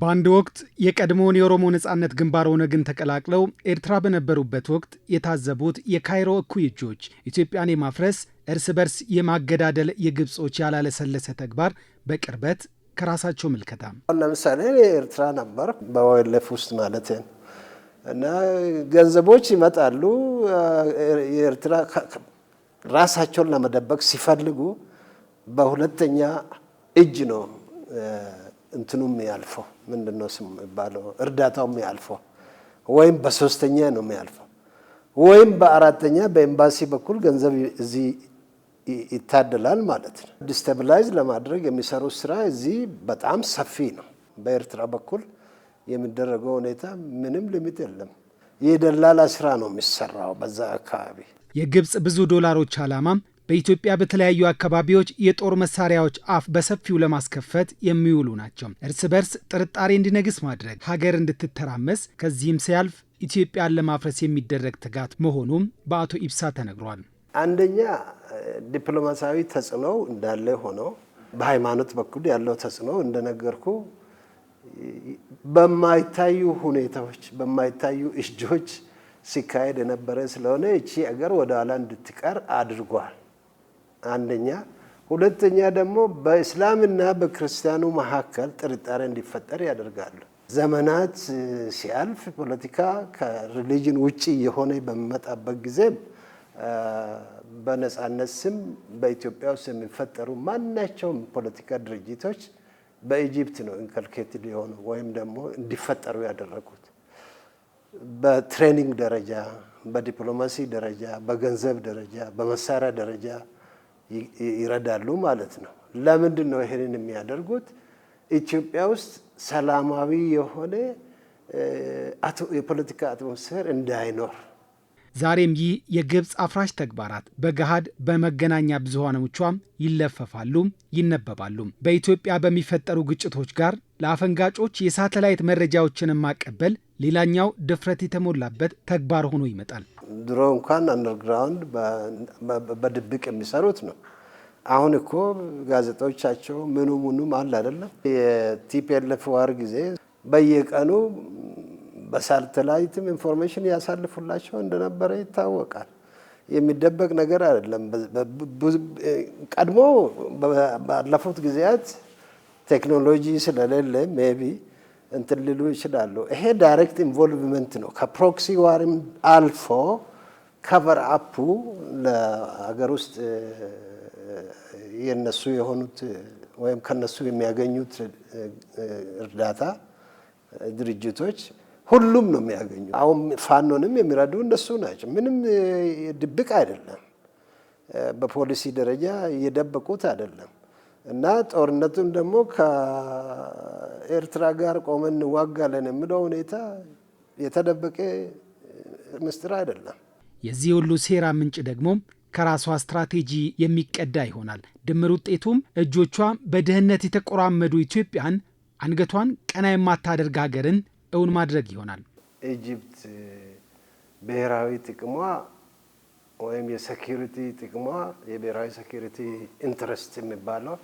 በአንድ ወቅት የቀድሞውን የኦሮሞ ነጻነት ግንባር ኦነግን ተቀላቅለው ኤርትራ በነበሩበት ወቅት የታዘቡት የካይሮ እኩይ እጆች ኢትዮጵያን የማፍረስ እርስ በርስ የማገዳደል የግብጾች ያላለሰለሰ ተግባር በቅርበት ከራሳቸው ምልከታ ለምሳሌ ኤርትራ ነበር በወለፍ ውስጥ ማለት እና ገንዘቦች ይመጣሉ። የኤርትራ ራሳቸውን ለመደበቅ ሲፈልጉ በሁለተኛ እጅ ነው እንትኑም ያልፈው ምንድን ነው ስም የሚባለው እርዳታውም ያልፈው ወይም በሶስተኛ ነው የሚያልፈው ወይም በአራተኛ በኤምባሲ በኩል ገንዘብ እዚህ ይታደላል ማለት ነው። ዲስተብላይዝ ለማድረግ የሚሰሩት ስራ እዚህ በጣም ሰፊ ነው። በኤርትራ በኩል የሚደረገው ሁኔታ ምንም ልሚት የለም። የደላላ ስራ ነው የሚሰራው በዛ አካባቢ። የግብፅ ብዙ ዶላሮች አላማ በኢትዮጵያ በተለያዩ አካባቢዎች የጦር መሳሪያዎች አፍ በሰፊው ለማስከፈት የሚውሉ ናቸው። እርስ በርስ ጥርጣሬ እንዲነግስ ማድረግ፣ ሀገር እንድትተራመስ ከዚህም ሲያልፍ ኢትዮጵያን ለማፍረስ የሚደረግ ትጋት መሆኑም በአቶ ኢብሳ ተነግሯል። አንደኛ ዲፕሎማሲያዊ ተጽዕኖ እንዳለ ሆኖ በሃይማኖት በኩል ያለው ተጽዕኖ እንደነገርኩ በማይታዩ ሁኔታዎች በማይታዩ እጆች ሲካሄድ የነበረ ስለሆነ እቺ አገር ወደኋላ እንድትቀር አድርጓል። አንደኛ። ሁለተኛ ደግሞ በእስላምና በክርስቲያኑ መካከል ጥርጣሬ እንዲፈጠር ያደርጋሉ። ዘመናት ሲያልፍ ፖለቲካ ከሪሊጅን ውጭ የሆነ በሚመጣበት ጊዜ በነጻነት ስም በኢትዮጵያ ውስጥ የሚፈጠሩ ማናቸውም ፖለቲካ ድርጅቶች በኢጅፕት ነው ኢንከልኬት ሊሆኑ ወይም ደግሞ እንዲፈጠሩ ያደረጉት። በትሬኒንግ ደረጃ፣ በዲፕሎማሲ ደረጃ፣ በገንዘብ ደረጃ፣ በመሳሪያ ደረጃ ይረዳሉ ማለት ነው። ለምንድን ነው ይህንን የሚያደርጉት? ኢትዮጵያ ውስጥ ሰላማዊ የሆነ የፖለቲካ አትሞስፌር እንዳይኖር ዛሬም ይህ የግብፅ አፍራሽ ተግባራት በገሃድ በመገናኛ ብዙሃኖቿም ይለፈፋሉ፣ ይነበባሉ። በኢትዮጵያ በሚፈጠሩ ግጭቶች ጋር ለአፈንጋጮች የሳተላይት መረጃዎችን ማቀበል ሌላኛው ድፍረት የተሞላበት ተግባር ሆኖ ይመጣል። ድሮ እንኳን አንደርግራውንድ በድብቅ የሚሰሩት ነው። አሁን እኮ ጋዜጦቻቸው ምኑ ምኑም አለ አይደለም። የቲፒኤልኤፍ ዋር ጊዜ በየቀኑ በሳተላይትም ኢንፎርሜሽን ያሳልፉላቸው እንደነበረ ይታወቃል። የሚደበቅ ነገር አይደለም። ቀድሞ ባለፉት ጊዜያት ቴክኖሎጂ ስለሌለ ሜቢ እንትን ሊሉ ይችላሉ። ይሄ ዳይሬክት ኢንቮልቭመንት ነው። ከፕሮክሲ ዋርም አልፎ ከቨር አፑ ለሀገር ውስጥ የነሱ የሆኑት ወይም ከነሱ የሚያገኙት እርዳታ ድርጅቶች ሁሉም ነው የሚያገኙ። አሁን ፋኖንም የሚረዱ እነሱ ናቸው። ምንም ድብቅ አይደለም። በፖሊሲ ደረጃ እየደበቁት አይደለም። እና ጦርነቱን ደግሞ ከኤርትራ ጋር ቆመን እንዋጋለን የምለው ሁኔታ የተደበቀ ምስጢር አይደለም። የዚህ ሁሉ ሴራ ምንጭ ደግሞ ከራሷ ስትራቴጂ የሚቀዳ ይሆናል። ድምር ውጤቱም እጆቿ በድህነት የተቆራመዱ ኢትዮጵያን፣ አንገቷን ቀና የማታደርግ ሀገርን እውን ማድረግ ይሆናል። ኢጅፕት ብሔራዊ ጥቅሟ ወይም የሴኪሪቲ ጥቅሟ የብሔራዊ ሴኪሪቲ ኢንትረስት የሚባለው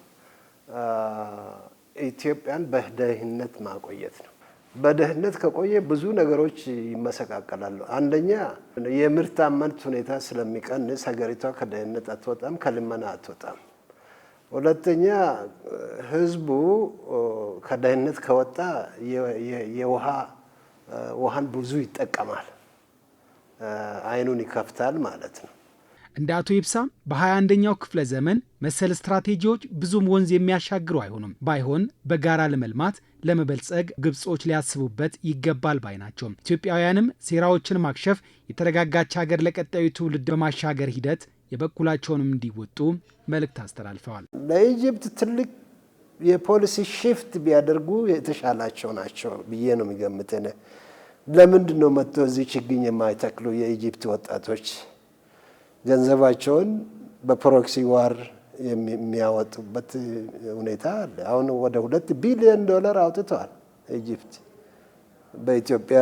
ኢትዮጵያን በደህንነት ማቆየት ነው። በደህንነት ከቆየ ብዙ ነገሮች ይመሰቃቀላሉ። አንደኛ የምርታማነት ሁኔታ ስለሚቀንስ ሀገሪቷ ከደህንነት አትወጣም፣ ከልመና አትወጣም። ሁለተኛ ህዝቡ ከደህንነት ከወጣ የውሃ ውሃን ብዙ ይጠቀማል፣ አይኑን ይከፍታል ማለት ነው። እንደ አቶ ይብሳ በ21ኛው ክፍለ ዘመን መሰል ስትራቴጂዎች ብዙም ወንዝ የሚያሻግሩ አይሆኑም። ባይሆን በጋራ ለመልማት ለመበልጸግ ግብጾች ሊያስቡበት ይገባል ባይ ናቸው። ኢትዮጵያውያንም ሴራዎችን ማክሸፍ የተረጋጋች ሀገር ለቀጣዩ ትውልድ በማሻገር ሂደት የበኩላቸውንም እንዲወጡ መልእክት አስተላልፈዋል። ለኢጅፕት ትልቅ የፖሊሲ ሽፍት ቢያደርጉ የተሻላቸው ናቸው ብዬ ነው የሚገምት። ለምንድን ነው መጥቶ እዚህ ችግኝ የማይተክሉ የኢጅፕት ወጣቶች? ገንዘባቸውን በፕሮክሲ ዋር የሚያወጡበት ሁኔታ አለ። አሁን ወደ ሁለት ቢሊዮን ዶላር አውጥተዋል ኢጅፕት በኢትዮጵያ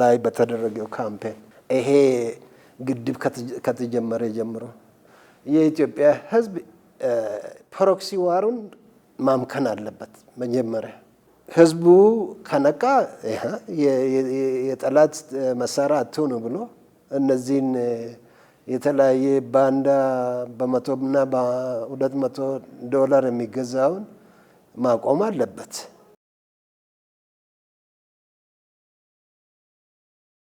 ላይ በተደረገው ካምፔን። ይሄ ግድብ ከተጀመረ ጀምሮ የኢትዮጵያ ሕዝብ ፕሮክሲ ዋሩን ማምከን አለበት። መጀመሪያ ሕዝቡ ከነቃ የጠላት መሳሪያ አትሆኑ ብሎ እነዚህን የተለያየ ባንዳ በመቶ እና በሁለት መቶ ዶላር የሚገዛውን ማቆም አለበት።